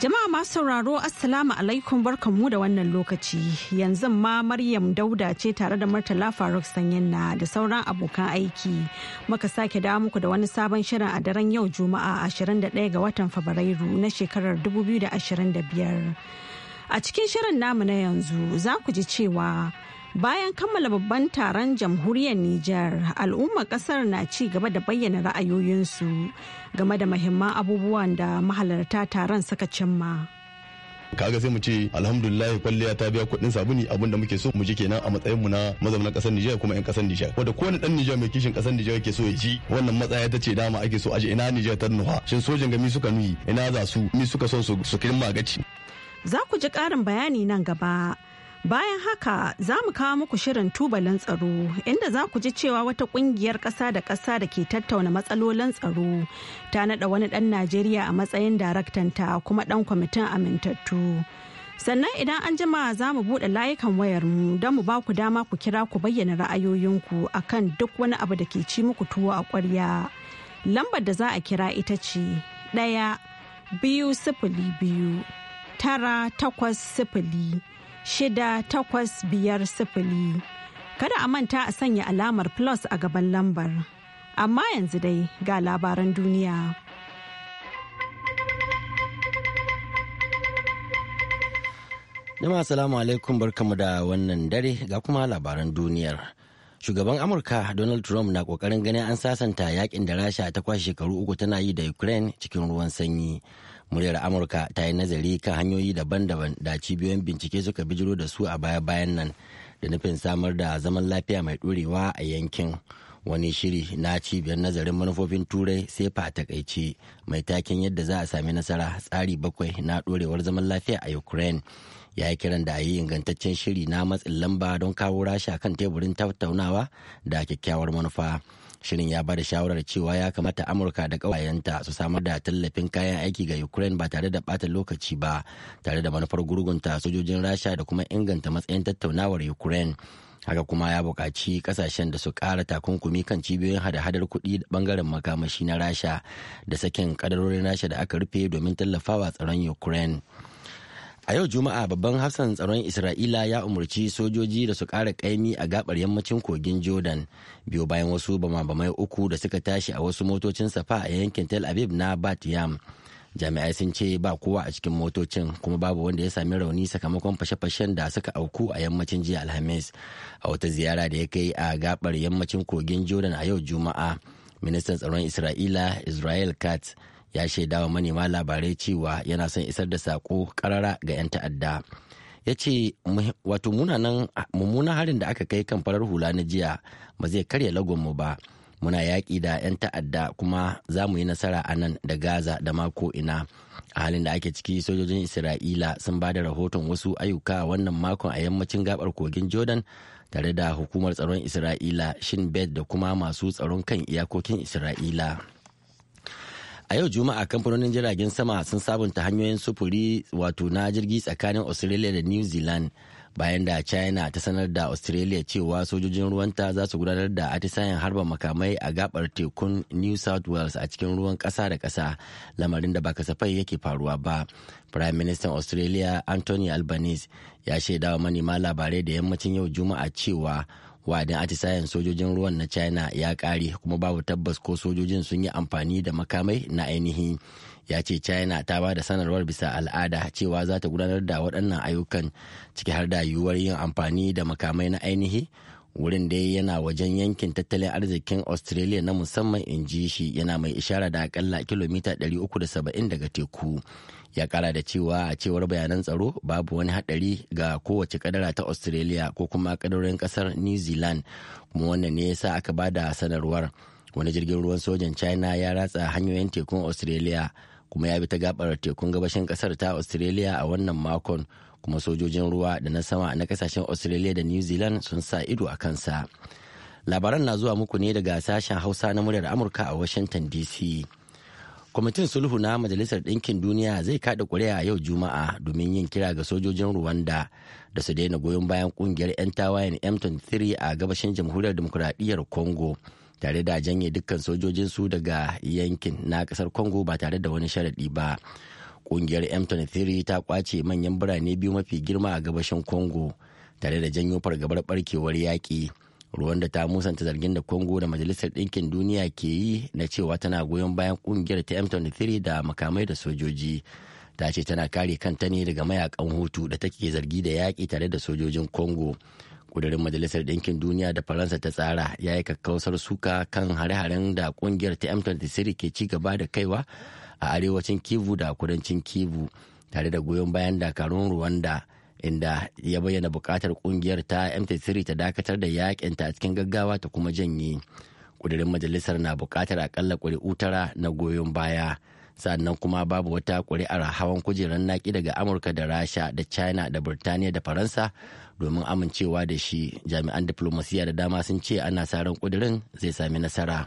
Jama'a masu sauraro Assalamu alaikum barkanmu da wannan lokaci yanzu ma Maryam Dauda ce tare da Murtala Faruk Sanyanna da sauran abokan aiki muka sake da muku da wani sabon shirin a daren yau Juma'a 21 ga watan Fabrairu na shekarar 2025. A cikin shirin namu na yanzu za ku ji cewa Bayan kammala babban taron jamhuriyar Nijar, al'ummar kasar na ci gaba da bayyana ra'ayoyinsu game da mahimman abubuwan da mahalarta taron suka cimma. kaga sai mu ce alhamdulillah kwalliya ta biya kudin sabuni abinda muke so mu ji kenan a matsayin mu na mazauna kasar Nijar kuma 'yan kasar Nijar wanda kowane dan Nijar mai kishin kasar Nijar yake so ya ji wannan matsaya ta ce dama ake so aje ina Nijar ta nuha shin sojin gami suka nuyi ina za su mi suka son su su kirma gaci za ku ji karin bayani nan gaba Bayan haka za mu kawo muku shirin tubalin tsaro inda za ku ji cewa wata kungiyar ƙasa da ƙasa da ke tattauna matsalolin tsaro ta naɗa wani ɗan Najeriya a matsayin daraktanta kuma ɗan kwamitin amintattu. Sannan idan an jima za mu buɗe layukan wayar mu don mu ba ku dama ku kira ku bayyana ra'ayoyinku akan duk wani abu da ke ci muku tuwo a ƙwarya. Lambar da za a kira ita ce ɗaya biyu sifili biyu tara takwas sifili. shida takwas biyar sifili. Kada a manta a sanya alamar plus a gaban lambar. Amma yanzu dai ga labaran duniya. Jama'a salamu alaikum barkamu da wannan dare ga kuma labaran duniyar. shugaban amurka donald trump na kokarin ganin an sasanta yakin da rasha ta kwashe shekaru uku tana yi da ukraine cikin ruwan sanyi muryar amurka ta yi nazari kan hanyoyi daban-daban da cibiyoyin bincike suka bijiro da su a baya-bayan nan da nufin samar da zaman lafiya mai ɗorewa a yankin wani shiri na cibiyar nazarin manufofin turai fa takaice mai taken yadda za a sami nasara tsari bakwai na ɗorewar zaman lafiya a ukraine ya yi kiran da a yi ingantaccen shiri na matsin lamba don kawo rasha kan teburin tattaunawa da kyakkyawar manufa. shirin ya bada shawarar cewa ya kamata amurka da ƙawayenta su samar da tallafin kayan aiki ga ukraine ba tare da bata lokaci ba tare da manufar gurgunta sojojin rasha da kuma inganta matsayin tattaunawar ukraine haka kuma ya buƙaci ƙasashen da su ƙara takunkumi kan cibiyoyin hada-hadar kuɗi da ɓangaren makamashi na rasha da sakin ƙadarorin rasha da aka rufe domin tallafawa tsaron ukraine a yau juma'a babban hafsan tsaron isra'ila ya umarci sojoji da su ƙara ƙaimi a gabar yammacin kogin jordan biyo bayan wasu bama-bamai uku da suka tashi a wasu motocin safa a yankin tel aviv na bat yam jami'ai sun ce ba kowa a cikin motocin kuma babu wanda ya sami rauni sakamakon fashe-fashen da suka auku a yammacin jiya alhamis a wata ziyara da ya kai a gabar yammacin kogin jordan a yau juma'a ministan tsaron isra'ila israel katz ya shaida wa manema labarai cewa yana son isar da sako karara ga 'yan ta'adda ya ce wato mummunan harin da aka kai kan farar hula na jiya ba zai karya lagonmu ba muna yaƙi da 'yan ta'adda kuma za mu yi nasara a nan da gaza da mako ina a halin da ake ciki sojojin isra'ila sun ba da rahoton wasu ayyuka wannan makon a yammacin gabar kogin jordan tare da hukumar tsaron isra'ila shin bet da kuma masu tsaron kan iyakokin isra'ila a yau juma'a kamfanonin jiragen sama sun sabunta hanyoyin sufuri wato na jirgi tsakanin australia da new zealand bayan da china ta sanar da australia cewa sojojin ruwanta za su gudanar da atisayen harba makamai a gabar tekun new south wales a cikin ruwan kasa da kasa lamarin da ba kasafai yake faruwa ba prime minister australia anthony albanese ya shaidawa manema labarai da yammacin yau juma'a cewa wadin atisayen sojojin ruwan na china ya kare kuma babu tabbas ko sojojin sun yi amfani da makamai na ainihi ya ce china ta ba da sanarwar bisa al'ada cewa za ta gudanar da waɗannan ayyukan ciki har da yiwuwar yin amfani da makamai na ainihi wurin dai yana wajen yankin tattalin arzikin australia na musamman in ji shi yana mai ishara da akalla kilomita 370 daga teku ya kara da cewa a cewar bayanan tsaro babu wani hadari ga kowace kadara ta australia ko kuma kadarorin kasar new zealand kuma wannan ne yasa aka ba da sanarwar wani jirgin ruwan sojan china ya ratsa hanyoyin tekun australia kuma ya bi ta gabar tekun gabashin kasar ta australia a wannan makon kuma sojojin ruwa da na sama na kasashen australia da new zealand sun sa ido a kansa labaran na zuwa muku ne daga sashen hausa na muryar amurka a washington dc kwamitin sulhu na majalisar ɗinkin duniya zai kaɗa ƙuri'a yau juma'a domin yin kira ga sojojin rwanda da su daina goyon bayan ƙungiyar 'yan tawayen m23 a gabashin jamhuriyar demokuraɗiyyar congo tare da janye dukkan sojojinsu daga yankin na ƙasar congo ba tare da wani sharaɗi ba Kungiyar M23 ta kwace manyan birane biyu mafi girma a gabashin Congo tare da janyo fargabar barkewar yaƙi. ruwan da ta musanta zargin da Congo da Majalisar Ɗinkin Duniya ke yi na cewa tana goyon bayan kungiyar ta M23 da makamai da sojoji. Ta ce tana kare kanta ne daga mayakan hutu da take zargi da yaƙi tare da sojojin Congo. Kudurin Majalisar Ɗinkin Duniya da Faransa ta tsara ya yi kakkausar suka kan hare-haren da kungiyar ta M23 ke ci gaba da kaiwa a arewacin kivu da kudancin kivu tare da goyon bayan dakarun ruwanda inda ya bayyana bukatar kungiyar ta mt3 ta dakatar da yakinta a cikin gaggawa ta kuma janye kudirin majalisar na bukatar akalla kuri'u tara na goyon baya sannan kuma babu wata kuri'ar hawan kujerar naki daga amurka da rasha da china da burtaniya da faransa domin amincewa da shi jami'an diplomasiya da dama sun ce ana sa ran kudirin zai sami nasara.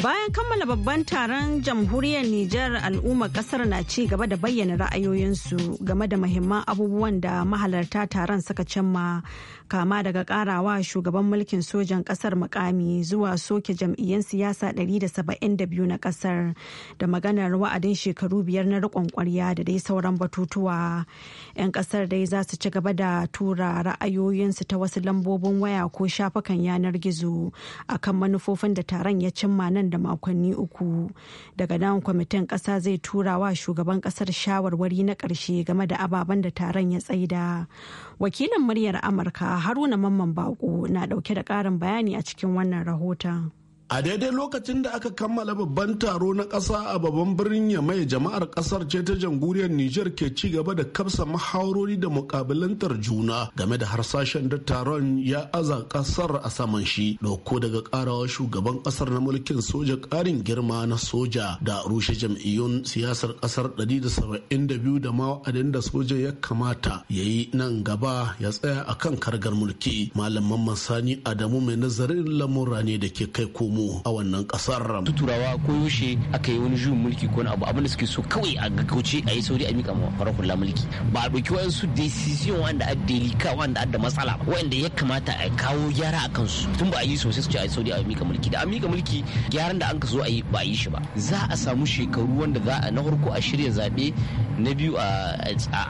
Bayan kammala babban taron jamhuriyar Nijar al'ummar kasar na ci gaba da bayyana ra'ayoyinsu game da mahimman abubuwan da mahalarta taron suka cimma kama daga karawa shugaban mulkin sojan kasar mukami zuwa soke jam'iyyar siyasa 172 na kasar da maganar wa'adin shekaru biyar na riƙon kwarya da dai sauran batutuwa. 'Yan kasar dai za su ci gaba da tura ra'ayoyinsu ta wasu lambobin waya ko shafukan yanar gizo akan manufofin da taron ya cimma nan da makonni uku daga nan kwamitin ƙasa zai tura wa shugaban ƙasar shawarwari na ƙarshe game da ababen da taron ya tsaida wakilin muryar amurka haruna mamman bako na ɗauke da ƙarin bayani a cikin wannan rahoton a daidai lokacin da aka kammala babban taro na ƙasa a babban birnin yamai jama'ar ƙasar ce ta jamhuriyar niger ke ci gaba da kafsa mahaurori da mukabilantar juna game da harsashen da taron ya aza ƙasar a saman shi dauko daga karawa shugaban ƙasar na mulkin soja ƙarin girma na soja da rushe jam'iyyun siyasar ƙasar 172 da ma da soja ya kamata ya yi nan gaba ya tsaya a kan kargar mulki malam mamman adamu mai nazarin lamura ne da ke kai komo mu a wannan kasar turawa ko yaushe aka yi wani juyin mulki ko abu abin da suke so kawai a gaggauce a yi sauri a mika farar hula mulki ba a ɗauki wa'ansu decision wanda a delika wanda a da matsala wanda ya kamata a kawo gyara a kansu tun ba a yi sosai su ce a yi sauri a mika mulki da a mika mulki gyaran da an ka zo a yi ba a yi shi ba za a samu shekaru wanda za a na farko a shirya zaɓe na biyu a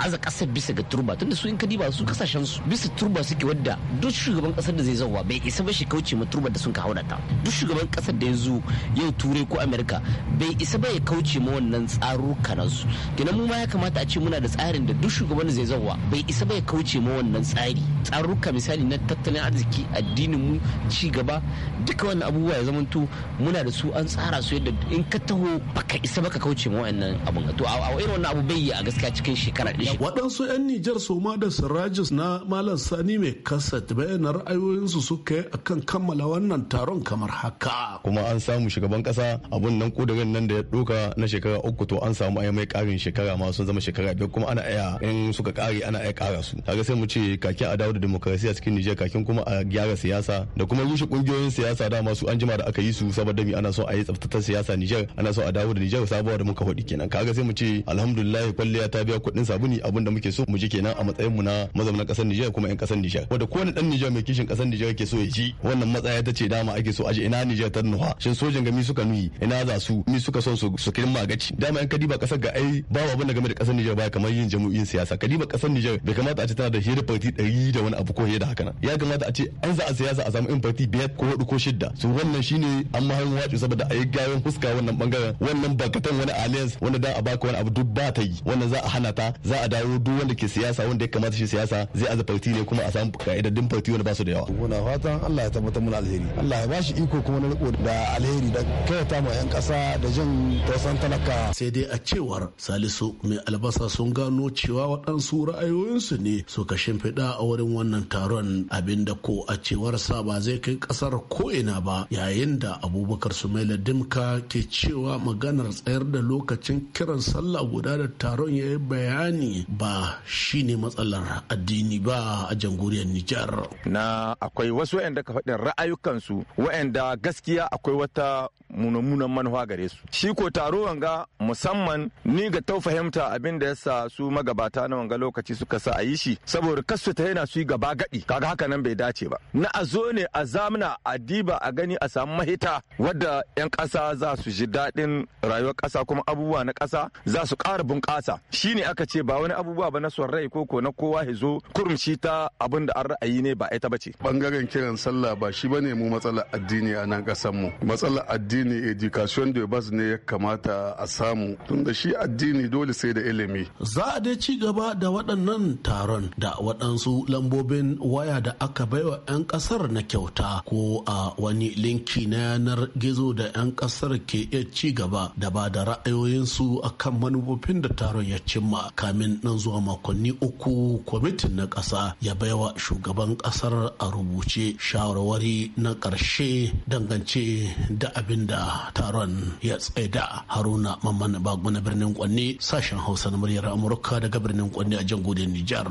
aza ƙasar bisa ga turba tunda su in ka ba su kasashen su bisa turba suke wadda duk shugaban ƙasar da zai zauwa bai isa ba shi kauce ma turba da sun ka hauna ta duk shugaban shugaban kasar da ya zo yau turai ko amerika bai isa ba ya kauce ma wannan tsaruka su kenan mu ma ya kamata a ce muna da tsarin da duk shugaban zai zauwa bai isa ba ya kauce ma wannan tsari tsaruka misali na tattalin arziki addinin mu ci gaba duka wannan abubuwa ya zamanto muna da su an tsara su yadda in ka taho baka isa baka kauce ma wannan abun to a irin wannan abu bai yi a gaskiya cikin shekara ɗaya waɗansu 'yan Nijar Soma da Sirajis na Malam Sani mai kasa bayyana ra'ayoyinsu suka yi akan kammala wannan taron kamar haka a'a kuma an samu shugaban kasa abun nan kudirin nan da ya doka na shekara uku to an samu ai mai karin shekara ma sun zama shekara biyar kuma ana iya in suka kare ana iya kara su kaga sai mu ce kakin a dawo da demokarasiya cikin Nijar kakin kuma a gyara siyasa da kuma rushe kungiyoyin siyasa da masu an jima da aka yi su saboda mi ana so a yi tsaftatar siyasa Nijar ana so a dawo da Nijar sabuwa da muka hudi kenan kaga sai mu ce alhamdulillah kwalliya ta biya kuɗin sabuni abin da muke so mu ji kenan a matsayin mu na mazaunan kasar Nijar kuma yan kasar Nijar wanda kowane ɗan Nijar mai kishin kasar Nijar ke so ya ji wannan matsaya ta ce dama ake so aje ina Niger ta nuha shin sojan ga mi suka nuyi ina za su mi suka son su kirin magaci dama yan kadiba kasar ga ai ba abin da game da kasar Niger ba kamar yin jami'in siyasa kadiba kasar Niger bai kamata a ce tana da hira party 100 da wani abu ko da haka nan ya kamata a ce an za a siyasa a samu in party biyar ko hudu ko shidda su wannan shine an ma hanyar wacu saboda a yi gayan fuska wannan bangaren wannan bakatan wani alliance wanda da a baka wani abu duk ba ta yi wannan za a hana ta za a dawo duk wanda ke siyasa wanda ya kamata shi siyasa zai aza party ne kuma a samu ka'idaddin party wanda ba su da yawa muna fatan Allah ya tabbatar mana alheri Allah ya bashi iko kuma wani riko da alheri da ma 'yan kasa da jin tausan talaka sai dai a cewar salisu mai albasa sun gano cewa waɗansu ra'ayoyinsu ne su suka shimfiɗa a wurin wannan taron abinda ko a cewar sa ba zai kai ƙasar ina ba yayin da abubakar mai dimka ke cewa maganar tsayar da lokacin kiran sallah guda da taron ya yi bayani ba shine matsalar addini ba a jamhuriyar nijar na akwai wasu waɗanda ka faɗin ra'ayukansu waɗanda gaskiya akwai wata munamunan manuwa gare su shi ko taro wanga musamman ni ga ta fahimta abin da yasa su magabata na wanga lokaci suka sa a yi shi saboda kasu ta yana su yi gaba gadi kaga haka nan bai dace ba na a zo ne a zamana a diba a gani a samu mahita wadda yan kasa za su ji daɗin rayuwar kasa kuma abubuwa na kasa za su ƙara bunƙasa shi ne aka ce ba wani abubuwa ba na son rai ko na kowa ya zo kurumci ta abin da an ra'ayi ne ba ita ba ce bangaren kiran sallah ba shi ba ne mu matsalar addini a nan ƙasar mu matsalar addini addini education da ne ya kamata a samu tunda shi addini dole sai da ilimi za a dai ci gaba da waɗannan taron da waɗansu lambobin waya da aka baiwa 'yan ƙasar na kyauta ko a wani linki na yanar gizo da 'yan ƙasar ke iya ci gaba da ba da ra'ayoyinsu akan manufofin da taron ya cimma kamin nan zuwa makonni uku kwamitin na ƙasa ya baiwa shugaban ƙasar a rubuce shawarwari na ƙarshe dangance da abin da taron ya tsaida haruna mamman bago na birnin kwanne sashen hausa na muryar amurka daga birnin kwanne a gudun nijar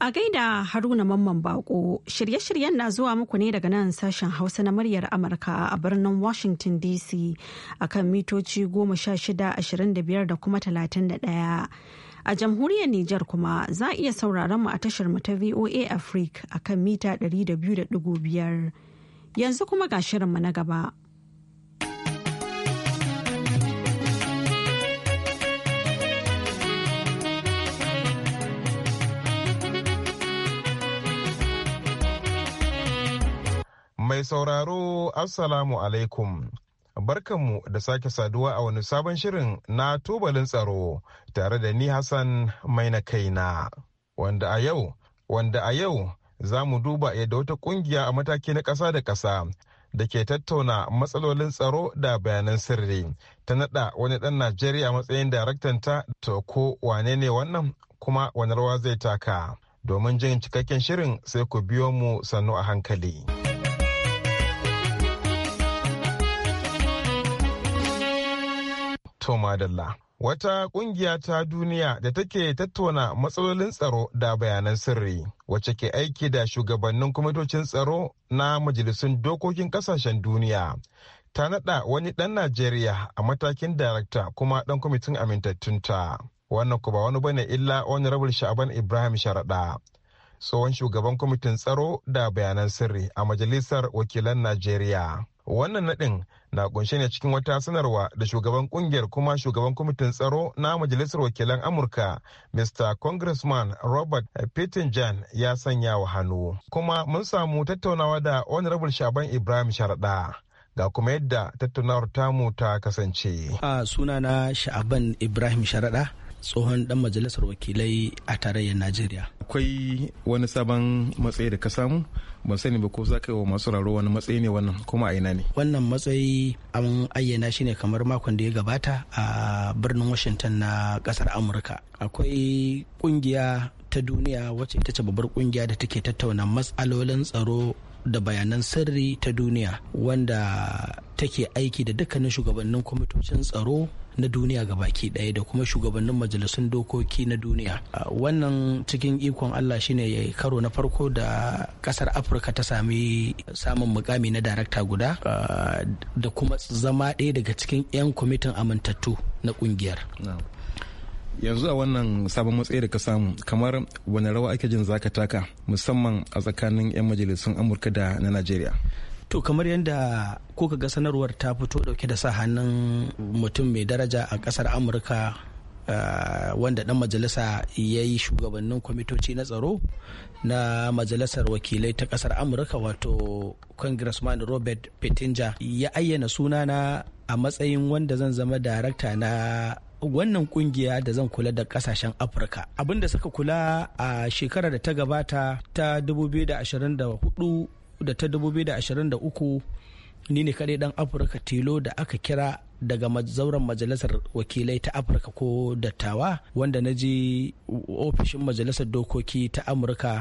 a gaida haruna mamman bako shirye-shiryen na zuwa muku ne daga nan sashen hausa na muryar amurka a birnin washington dc akan mitoci goma sha shida ashirin da kuma talatin da ɗaya, A jamhuriyar Nijar kuma za a iya sauraron mu a tashar mu ta VOA Africa a kan mita 200.5. Yanzu kuma ga shirinmu na gaba. Mai sauraro Assalamu alaikum. Barkanmu da sake saduwa a wani sabon shirin na tubalin tsaro tare da ni Hassan mai na kaina. Wanda a yau, wanda a yau za mu duba yadda wata kungiya a mataki na ƙasa da ƙasa da ke tattauna matsalolin tsaro da bayanan sirri ta naɗa wani ɗan Najeriya matsayin daraktanta to ko wane ne wannan kuma wani rawa zai taka. Domin jin cikakken shirin sai ku biyo mu sannu a hankali. Toma Dalla. Wata kungiya ta duniya da take tattauna matsalolin tsaro da bayanan sirri wacce ke aiki da shugabannin kwamitocin tsaro na majalisun dokokin ƙasashen duniya ta naɗa wani ɗan Najeriya a matakin darakta kuma ɗan kwamitin amintattunta. Wannan ku ba wani bane illa wani Honorable Sha'aban Ibrahim Sharaɗa. tsohon shugaban kwamitin tsaro da bayanan sirri a majalisar wakilan Najeriya. Wannan naɗin na kunshe ne cikin wata sanarwa da shugaban kungiyar kuma shugaban kwamitin tsaro na majalisar wakilan amurka mr congressman robert pittenjan ya sanya wa hannu kuma mun samu tattaunawa da honorable shaban ibrahim sharaɗa ga kuma yadda tattaunawar tamu ta kasance a sunana sha'aban ibrahim sharaɗa tsohon dan majalisar wakilai a tarayyar najeriya akwai wani sabon matsayi da ka samu ban sani ba ko za ka yi wa masu raro wani matsayi ne wannan kuma a ina ne wannan matsayi an ayyana shi ne kamar makon da ya gabata a birnin washington na kasar amurka akwai kungiya ta duniya wacce ita ce babbar kungiya da take tattauna matsalolin tsaro da bayanan sirri ta duniya wanda take aiki da dukkanin shugabannin kwamitocin tsaro na duniya ga baki ɗaya da kuma shugabannin majalisun dokoki na duniya wannan cikin ikon allah shine karo na farko da kasar afirka ta sami samun mukami na darakta guda da kuma zama ɗaya daga cikin 'yan kwamitin amintattu na kungiyar yanzu a wannan sabon matsayi da ka samu kamar wani rawa ake jin zaka taka musamman a tsakanin 'yan majalisun amurka da na najeriya to kamar yadda kuka ga sanarwar ta fito dauke da sa hannun mutum mai daraja a kasar amurka eh, wanda dan majalisa ya yi shugabannin kwamitoci na tsaro na majalisar wakilai ta kasar amurka wato congressman robert pettinger ya ayyana sunana a matsayin wanda zan zama darakta na wannan kungiya da zan kula da kasashen afirka abinda suka kula a shekarar da ta gabata ta 2024 da ta 2023 ni ne kaɗai ɗan afirka tilo da aka kira daga zauren majalisar wakilai ta afirka ko dattawa wanda na je ofishin majalisar dokoki ta amurka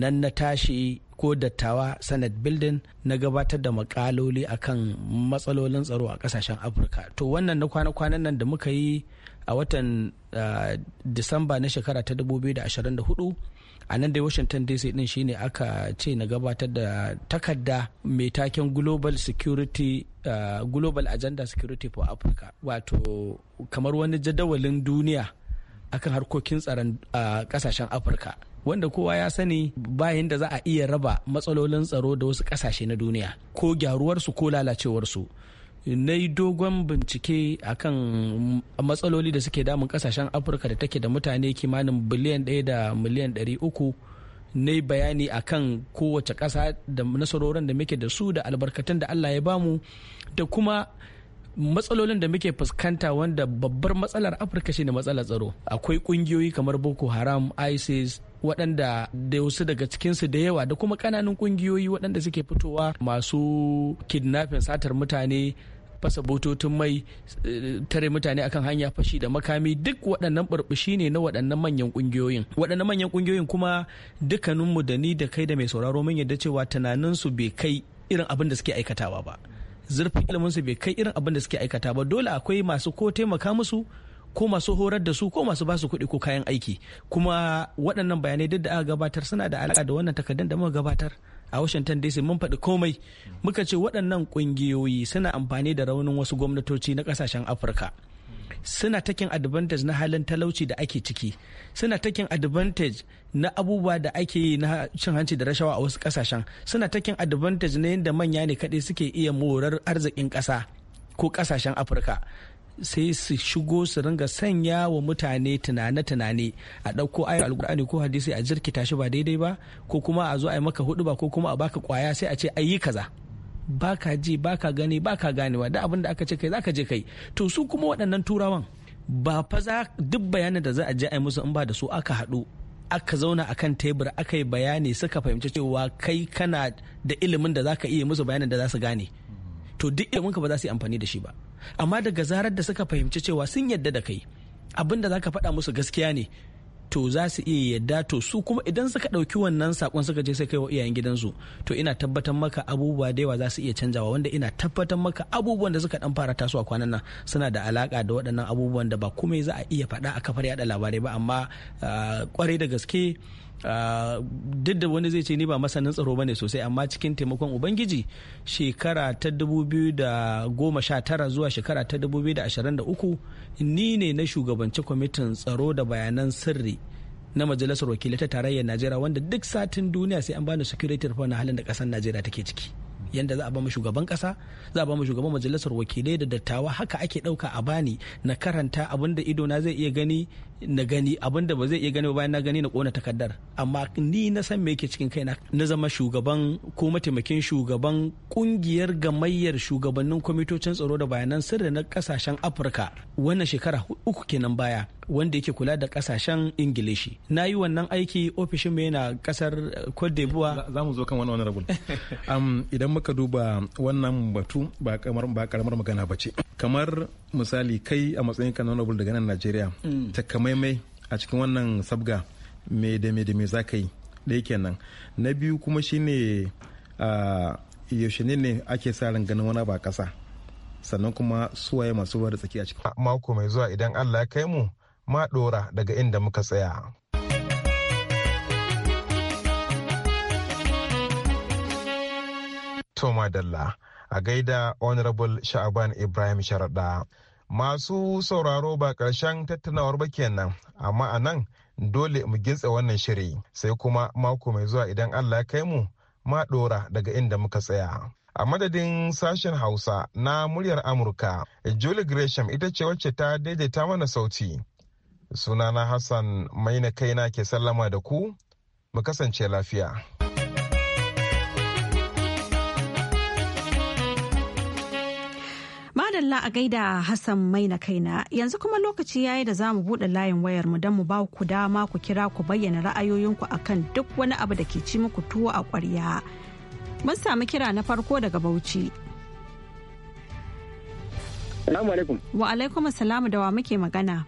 nan na tashi ko dattawa senate building na gabatar da makaloli akan matsalolin tsaro a kasashen afirka to wannan na kwana-kwanan nan da muka yi a watan ah, disamba na shekara ta 2024 a nan dai washington dc din shine aka ce na gabatar da takarda mai taken global security uh, global agenda security for africa wato kamar wani jadawalin duniya akan harkokin tsaron uh, kasashen afirka wanda kowa ya sani bayan da za a iya raba matsalolin tsaro da wasu kasashe na duniya ko gyaruwarsu ko lalacewarsu na yi dogon bincike a kan matsaloli da suke damun kasashen afirka da take da mutane kimanin biliyan ɗaya da miliyan ɗari uku na yi bayani a kan kowace ƙasa da nasarorin da muke da su da albarkatun da allah ya bamu da kuma matsalolin da muke fuskanta wanda babbar matsalar afirka shine matsalar tsaro akwai kungiyoyi kamar boko haram isis waɗanda da wasu daga cikinsu da yawa da kuma ƙananan kungiyoyi waɗanda suke fitowa masu kidnapping satar mutane fasa bututun mai tare mutane akan hanya fashi da makami duk waɗannan burbushi ne na waɗannan manyan ƙungiyoyin waɗannan manyan ƙungiyoyin kuma dukkaninmu da ni da kai da mai sauraro mun yadda cewa tunaninsu bai kai irin abin da suke aikatawa ba zurfin iliminsu bai kai irin abin da suke aikata ba dole akwai masu ko taimaka musu ko masu horar da su ko masu ba su kuɗi ko kayan aiki kuma waɗannan bayanai duk da aka gabatar suna da alaƙa da wannan takardun da muka gabatar a washington dc mun faɗi komai muka ce waɗannan ƙungiyoyi suna amfani da raunin wasu gwamnatoci na ƙasashen afirka suna takin advantage na halin talauci da ake ciki suna takin advantage na abubuwa da ake yi na cin hanci da rashawa a wasu ƙasashen suna takin advantage na yadda manya ne kaɗai suke iya morar arzikin ƙasa ko ƙasashen afirka sai su shigo su ringa sanya wa mutane tunane-tunane a ɗauko ayar alkur'ani ko hadisi a jirkita shi ba daidai ba ko kuma a zo a yi maka hudu ba ko kuma a baka kwaya sai a ce a yi kaza baka ji baka gani baka ganewa da abin da aka ce kai zaka je kai to su kuma waɗannan turawan ba fa za duk bayanin da za a je a yi musu in ba da su aka haɗu aka zauna a kan tebur aka yi bayani suka fahimci cewa kai kana da ilimin da zaka iya musu bayanin da za su gane to duk ilimin ka ba za su yi amfani da shi ba amma daga zarar da suka fahimci cewa sun yadda da kai abin da zaka faɗa musu gaskiya ne to za su iya yadda to su kuma idan suka ɗauki wannan sakon suka je sai kai wa iyayen gidansu to ina tabbatar maka abubuwa da yawa za su iya canjawa wanda ina tabbatar maka abubuwan da suka ɗan fara tasowa kwanan nan suna da alaƙa da waɗannan abubuwan da ba komai za a iya faɗa a kafar yada labarai ba amma kwarai ah, da gaske Ah, duk da wani zai ce ni ba masanin tsaro bane sosai amma cikin taimakon ubangiji shekara ta 2019 zuwa shekara ta 2023 ni ne na shugabanci kwamitin tsaro da bayanan sirri na majalisar wakilai ta tarayyar najeriya wanda duk satin duniya sai an bani security report na halin da kasar najeriya take ciki Yadda za a ba mu shugaban kasa za a ba mu shugaban majalisar wakilai da dattawa haka ake dauka a bani na karanta abin da ido na zai iya gani na gani abin da ba zai iya gani bayan na gani na kona takardar amma ni na san me yake cikin kaina na zama shugaban ko mataimakin shugaban kungiyar gamayyar shugabannin kwamitocin tsaro da bayanan sirri na kasashen afirka wannan shekara uku kenan baya wanda yake kula da kasashen ingilishi na yi wannan aiki ofishin mai na kasar cote d'ivoire za mu zo kan wani rabu. idan muka duba wannan batu ba karamar magana ba ce kamar misali kai a matsayin kan honorable daga nan najeriya mm. takamaimai a cikin wannan sabga me da me da me za ka yi ɗaya kenan na biyu kuma shine yaushe ne ne ake sa ran ganin wani ba kasa. sannan kuma suwaye masu ruwa da tsaki a cikin. mako mai zuwa idan allah ya kai mu ma ɗora daga inda muka tsaya. Toma Dalla a gaida Honorable Sha'aban Ibrahim Sharaɗa. Masu sauraro ba ƙarshen tattaunawar ba kenan, amma a nan dole mu gintsa wannan shiri sai kuma mako mai zuwa idan Allah ya kai mu ma ɗora daga inda muka tsaya. A madadin sashen Hausa na muryar Amurka, Julie Gresham ita ce wacce ta daidaita mana sauti. sunana hassan mai maina kaina ke sallama da ku mu kasance lafiya madalla a gaida hassan maina kaina yanzu kuma lokaci yayi da za mu buɗe layin wayar mu don mu ba ku dama ku kira ku bayyana ra'ayoyinku akan duk wani abu da ke ci muku tuwo a ƙwarya mun samu kira na farko daga bauchi Salamu alaikum. Wa alaikum assalamu da wa muke magana.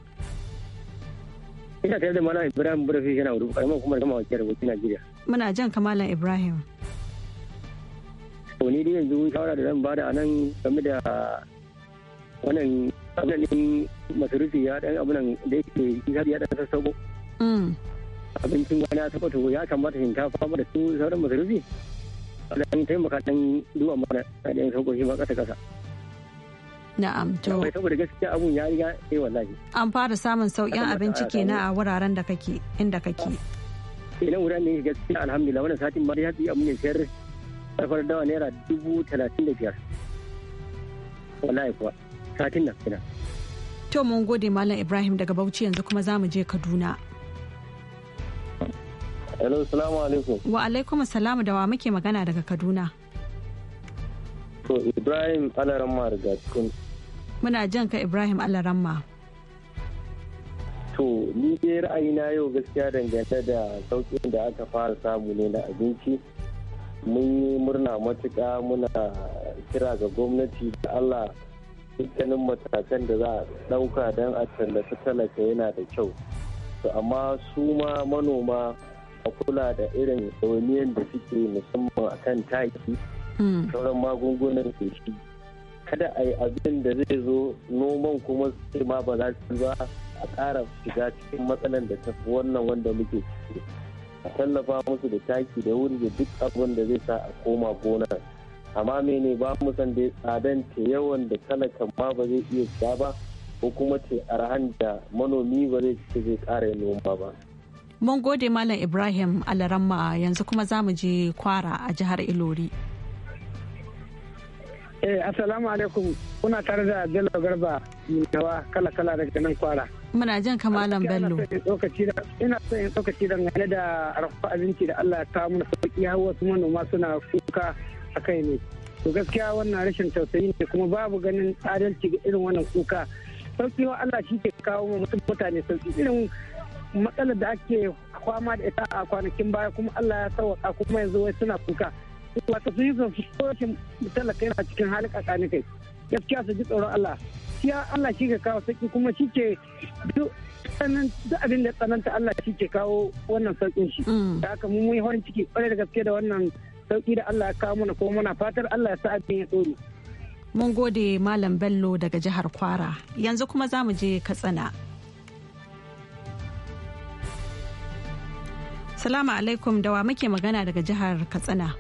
ina tare da malam ibrahim burafi yana wuri karamar kuma gama wakil rubutun najeriya muna jan kamalan ibrahim to ni dai yanzu shawara da zan bada a nan game da wannan abin masarufi ya dan abunan da yake ya mm. ta sassauko abincin wani ya saba to ya kamata shinkafa da su sauran masarufi dan taimaka dan duwa mana a ɗan sauko shi ba kasa kasa Na'am to. saboda gaskiya abun ya riga eh wallahi. An fara samun sauƙin abinci kenan a wuraren da kake inda kake. Idan eh, wuraren ne gaskiya alhamdulillah wannan satin ma ya fi abun ne sayar farfar dawa naira dubu talatin da biyar. Wallahi kuwa satin nan kenan. To mun gode Malam Ibrahim daga Bauchi yanzu kuma za mu je Kaduna. Hello, salamu alaikum. Wa alaikum salamu da wa muke magana daga Kaduna. To Ibrahim Alaramma daga cikin muna jan ka ibrahim alaramma to ni dai ra'ayina yau gaskiya dangane da sauƙin da aka fara samu ne na abinci mun yi murna matuƙa muna kira ga gwamnati da allah dukkanin matakan da za a ɗauka don a tallafi talaka yana da kyau to amma su ma manoma a kula da irin ɗauniyar da suke musamman akan taki hmm. sauran magungunan feshi kada a yi abin da zai zo noman kuma sai ma ba za su ba a ƙara shiga cikin matsalar da ta fi wannan wanda muke ciki a tallafa musu da taki da wuri da duk abin da zai sa a koma gonar amma mene ba mu san da tsadan ta yawan da talakan ma ba zai iya shiga ba ko kuma ce arhan da manomi ba zai ci zai ƙara noma ba. Mun gode Malam Ibrahim Alaramma yanzu kuma za mu je kwara a jihar Ilori. Eh, Assalamu alaikum. Kuna tare da Bello Garba Minawa kala kala daga nan kwara. Muna jin kamalan Bello. Ina son yin tsokaci gane da rafa abinci da Allah ya kawo mana sauki har wasu manoma suna kuka a kai ne. To gaskiya wannan rashin tausayi ne kuma babu ganin adalci ga irin wannan kuka. Sauki wa Allah shi ke kawo mutane sauki irin matsalar da ake kwama da ita a kwanakin baya kuma Allah ya sauwaka kuma yanzu wai suna kuka. wata sun yi su sokin talaka yana cikin halin kakani kai gaskiya su ji tsoron Allah shi Allah shi ke kawo sauki kuma shi ke duk abin da tsananta Allah shi ke kawo wannan saukin shi mm. da haka mun yi horin ciki kwarai da gaske da wannan sauki da Allah ya kawo mana ko muna fatar Allah ya sa abin ya tsoro mun gode malam bello daga jihar kwara yanzu kuma za mu je katsina salamu alaikum da wa muke magana daga jihar katsina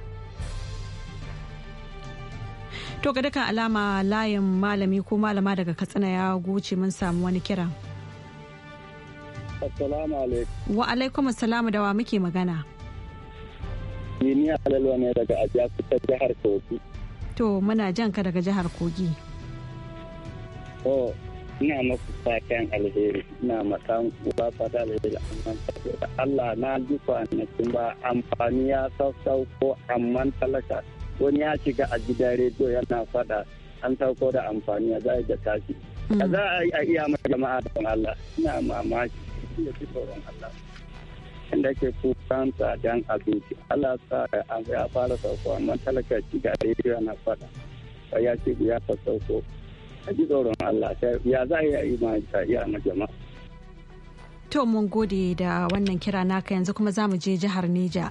To ga dukkan alama layin malami ko malama daga Katsina ya goce mun samu wani kira. Assalamu alaikum. Wa alaikum assalam da wa muke magana. Ni ni alalwa ne daga Ajaku ta jihar Kogi. To muna jan ka daga jihar Kogi. To ina maku fatan alheri ina masan kuwa fata alheri amma da Allah na ji kwanakin ba amfani ya ko amma talaka wani ya shiga a gidan rediyo yana faɗa an sauko da amfani a za a tashi a za a yi a iya mai jama'a da Allah ina mamaki ya fi tsoron Allah inda ke kukan don abinci Allah sa ya fara sauko amma talaka ci ga rediyo yana faɗa ya ce ya fa sauko a ji tsoron Allah ya za a yi ma iya ma jama'a To mun gode da wannan kira naka yanzu kuma za mu je jihar nija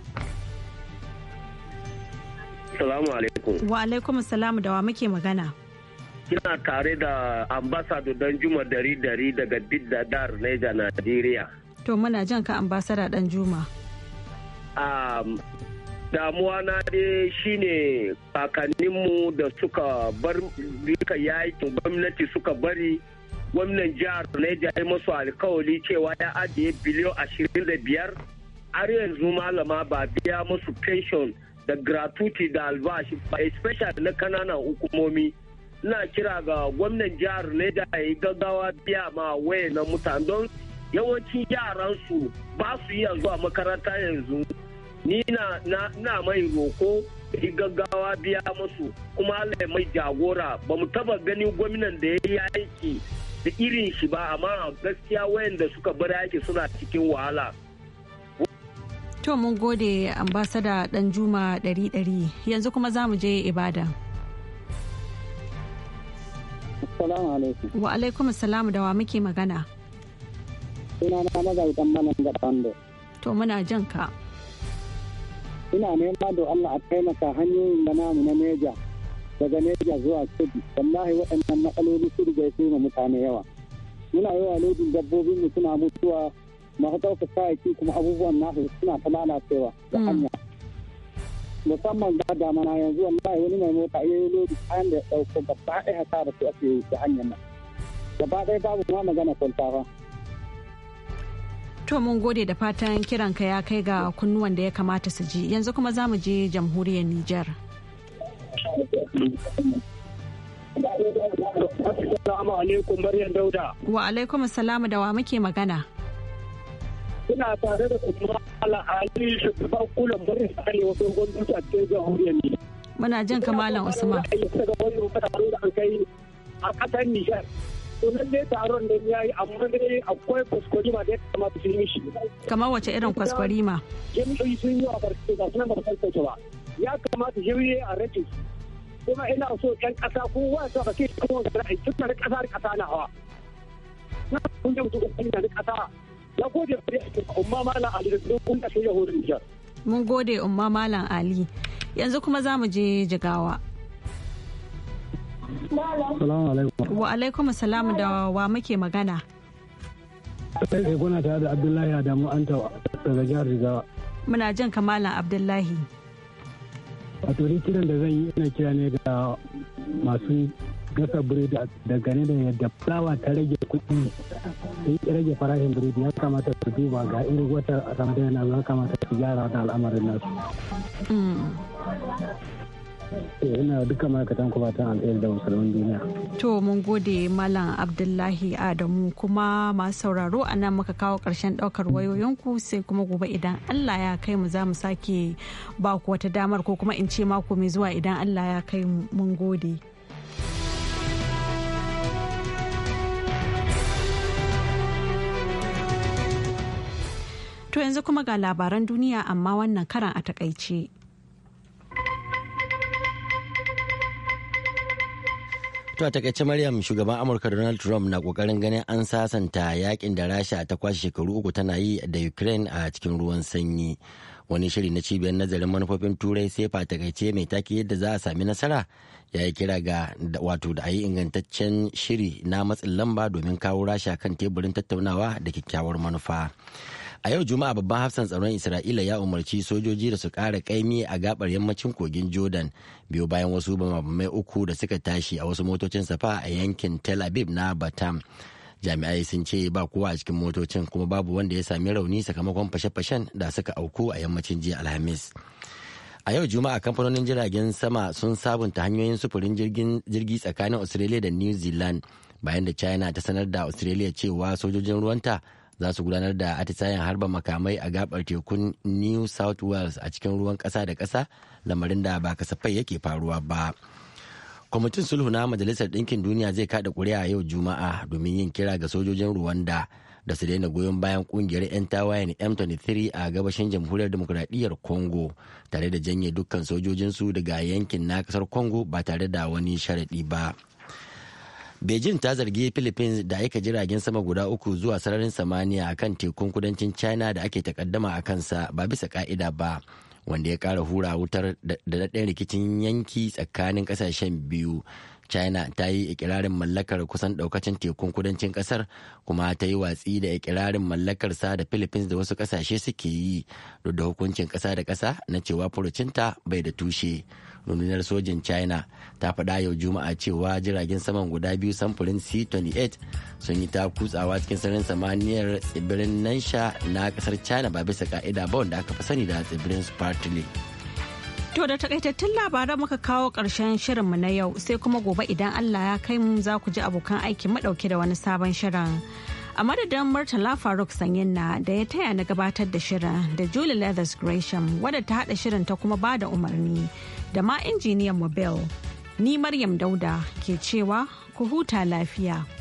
Salamu alaikum. Wa alaikum salamu da wa muke magana. Kina tare da ambasado don juma dari dari daga Bidda Dar Niger Nigeria. To muna jan ka ambasada dan juma. Um, damuwa na dai shine kakanninmu da suka bar duka yakin gwamnati suka bari gwamnan jihar Niger ya masu alkawali cewa ya ajiye biliyo ashirin da biyar har yanzu malama ba biya musu pension da gratuti da albashi especially na kananan hukumomi na kira ga gwamnan jihar leda ya yi gaggawa biya ma waye na mutane don yawancin yaransu ba su iya zuwa makaranta yanzu ni na mai roko yi gaggawa biya masu kuma Allah mai jagora ba mu taba ganin gwamnan da ya yi aiki da irin shi ba amma gaskiya wayanda suka bar aiki suna cikin wahala. To mun gode ambasada dan juma dari yanzu kuma za mu je ibada. Wa alaikum salamu da wa muke magana. na da ɗando. To muna jan ka. Ina nema da Allah a taimaka hanyoyin da namu na Neja daga Neja zuwa Kudu. Wallahi waɗannan matsaloli su riga su mutane yawa. Muna yawa lodin dabbobinmu suna mutuwa masu sa aiki kuma abubuwan nasu suna ta lalacewa da mm. hanya musamman da damana yanzu wallahi wani mai mota ya yi lodi kayan da ya ɗauko ta ɗaya hasara su ake yi da hanyar nan gaba ɗaya babu ma magana kwanta To mun gode da fatan kiranka ya kai ga kunnuwan da ya kamata su ji yanzu kuma za mu je jamhuriyar Nijar. Assalamu alaikum Dauda. Wa alaikum salamu da wa muke magana. suna tare da kuma al'ali shugaban kulan barin tsari wasu gwamnati a cikin jamhuriyar ne. Muna jan kamalan Usman. Daga wannan taro da an kai a ƙasar Nijar. Sunan dai taron da ya yi amma dai akwai kwaskwarima da ya kamata su yi shi. Kamar wace irin kwaskwarima? jami'ai sun yi wa barkatai ga sunan barkatai ba. Ya kamata jami'o'i a rajis kuma ina so ɗan ƙasa kowa ta kake kuma da ra'ayi tun da ƙasa da ƙasa na hawa. Na kun yi mutum da ƙasa na gode da umma malam ali da dukkan kashin yahudin nijar mun gode umma malam ali yanzu kuma za mu je jigawa wa alaikum salamu da wa muke magana kai sai kuna tare da abdullahi adamu an daga jihar jigawa muna jan kamalan abdullahi a turi kiran da zan yi ina kira ne ga masu gasa biredi dangane da yadda fulawa ta rage kuɗi ta rage farashin biredi ya kamata su duba ga irin wata ramadan na ya kamata su gyara da al'amarin nasu. Hmm. Eh, ina duka ma'aikatan kubatan alheri da musulmin duniya. To mun gode Malam Abdullahi Adamu kuma masu sauraro a nan muka kawo ƙarshen ɗaukar wayoyinku sai kuma gobe idan Allah ya kai mu za mu sake ba ku wata damar ko kuma in ce mako mai zuwa idan Allah ya kai mun gode. To yanzu kuma ga labaran duniya amma wannan karan a takaice. To a takaice Maryam shugaban Amurka Donald Trump na kokarin ganin an sasanta yakin da Rasha ta kwashe shekaru uku tana yi da Ukraine a cikin ruwan sanyi. Wani shiri na cibiyar nazarin manufofin turai sai fa takaice mai take yadda za a sami nasara ya yi kira ga wato da a yi ingantaccen shiri na matsin lamba domin kawo rasha kan teburin tattaunawa da kyakkyawar manufa. a yau juma'a babban hafsan tsaron isra'ila ya umarci sojoji da su kara kaimi a gabar yammacin kogin jordan biyu bayan wasu bamabamai uku da suka tashi a wasu motocin safa a yankin tel aviv na batam jami'ai sun ce ba kowa a cikin motocin kuma babu wanda ya sami rauni sakamakon fashe-fashen da suka auku a yammacin jiya alhamis a yau juma'a kamfanonin jiragen sama sun sabunta hanyoyin sufurin jirgi tsakanin australia da new zealand bayan da china ta sanar da australia cewa sojojin ruwanta za su gudanar da atisayen harba makamai a gabar tekun new south wales a cikin ruwan kasa da kasa lamarin da ba kasafai yake faruwa ba kwamitin sulhu na majalisar ɗinkin duniya zai kada kuri'a yau juma'a domin yin kira ga sojojin ruwanda da su daina goyon bayan kungiyar 'yan tawayen m23 a gabashin jamhuriyar demokuraɗiyyar congo tare da janye dukkan sojojinsu daga yankin na kasar congo ba tare da wani sharaɗi ba beijing ta zargi philippines da aika jiragen sama guda uku zuwa sararin samaniya a kan tekun kudancin china da ake takaddama a kansa ba bisa ka'ida ba wanda ya kara hura wutar da daɗin rikicin yanki tsakanin ƙasashen biyu china ta yi ikirarin mallakar kusan ɗaukacin tekun kudancin ƙasar kuma ta yi watsi da ikirarin mallakar sa da philippines da wasu ƙasashe suke yi duk da hukuncin ƙasa da ƙasa na cewa furucinta bai da tushe rundunar sojin china ta faɗa yau juma'a cewa jiragen saman guda biyu samfurin c-28 sun yi ta kutsawa cikin sararin samaniyar tsibirin nansha na kasar china ba bisa ka'ida ba wanda aka fi sani da tsibirin spartley To da takaitattun labaran muka kawo ƙarshen shirinmu na yau sai kuma gobe idan Allah ya kai mu za ku ji abokan aikin madauke da wani sabon shirin. A madadin Murtala Faruk sanyin na da ya taya na gabatar da shirin da Julie Leathers Gresham wadda ta haɗa shirin ta kuma ba da umarni. da ma injiniyan mu Ni Maryam Dauda ke cewa ku huta lafiya.